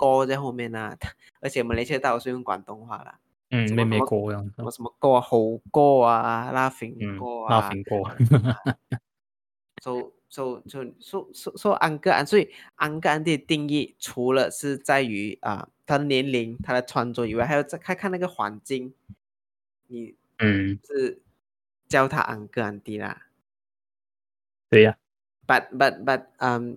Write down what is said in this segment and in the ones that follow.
歌在後面啊，而且我們出道，大需是用廣東話啦。嗯，咩咩歌啊，什麼什麼歌啊？好歌啊，laughing 歌啊。laughing 歌。就就就說說說 Uncle，所以 Uncle Aunty 的定義，除了是在於啊，他的年齡、他的穿着以外，還有再看看那個環境。你嗯，是叫他 Uncle Aunty 啦。對呀、啊。But but but um.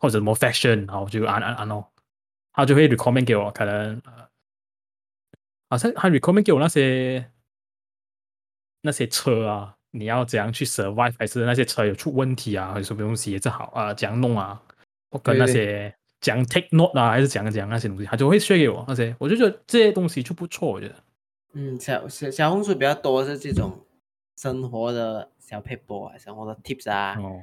或者 more fashion，好、嗯，者係啊啊啊，no，他就會 recommend 給我可能，好、呃、像他 recommend 給我那些那些車啊，你要怎樣去 survive，還是那些車有出問題啊，是什麼東西正好啊，怎樣弄啊，我跟那些對對對講 take note 啊，還是講講那些東西，他就會 share 給我，那些我就覺得這些東西就不錯，我覺得，嗯，小小小紅書比較多是這種生活的小 pebble 生活的 tips 啊。哦